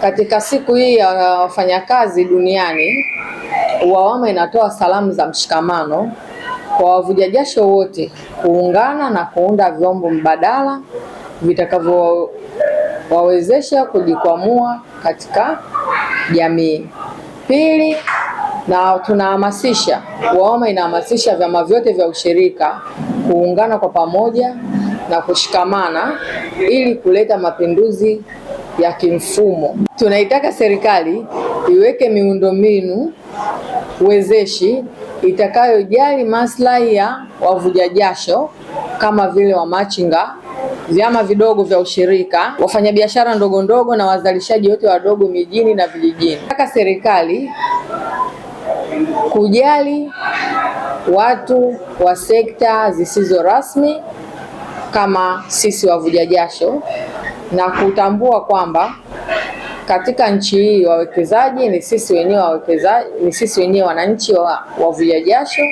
Katika siku hii ya wafanyakazi duniani, Uwawama inatoa salamu za mshikamano kwa wavuja jasho wote kuungana na kuunda vyombo mbadala vitakavyowawezesha kujikwamua katika jamii. Pili, na tunahamasisha, Uwawama inahamasisha vyama vyote vya ushirika kuungana kwa pamoja na kushikamana ili kuleta mapinduzi ya kimfumo. Tunaitaka serikali iweke miundombinu wezeshi itakayojali maslahi ya wavuja jasho kama vile wamachinga, vyama vidogo vya ushirika, wafanyabiashara ndogo ndogo na wazalishaji wote wadogo mijini na vijijini. Nataka serikali kujali watu wa sekta zisizo rasmi kama sisi wavuja jasho na kutambua kwamba katika nchi hii wawekezaji ni sisi wenyewe, wawekezaji ni sisi wenyewe, wananchi wavuja jasho.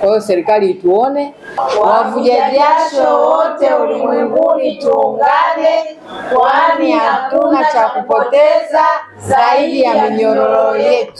Kwa hiyo serikali ituone, wavuja jasho wote ulimwenguni tuungane, kwani hatuna cha kupoteza zaidi ya minyororo yetu.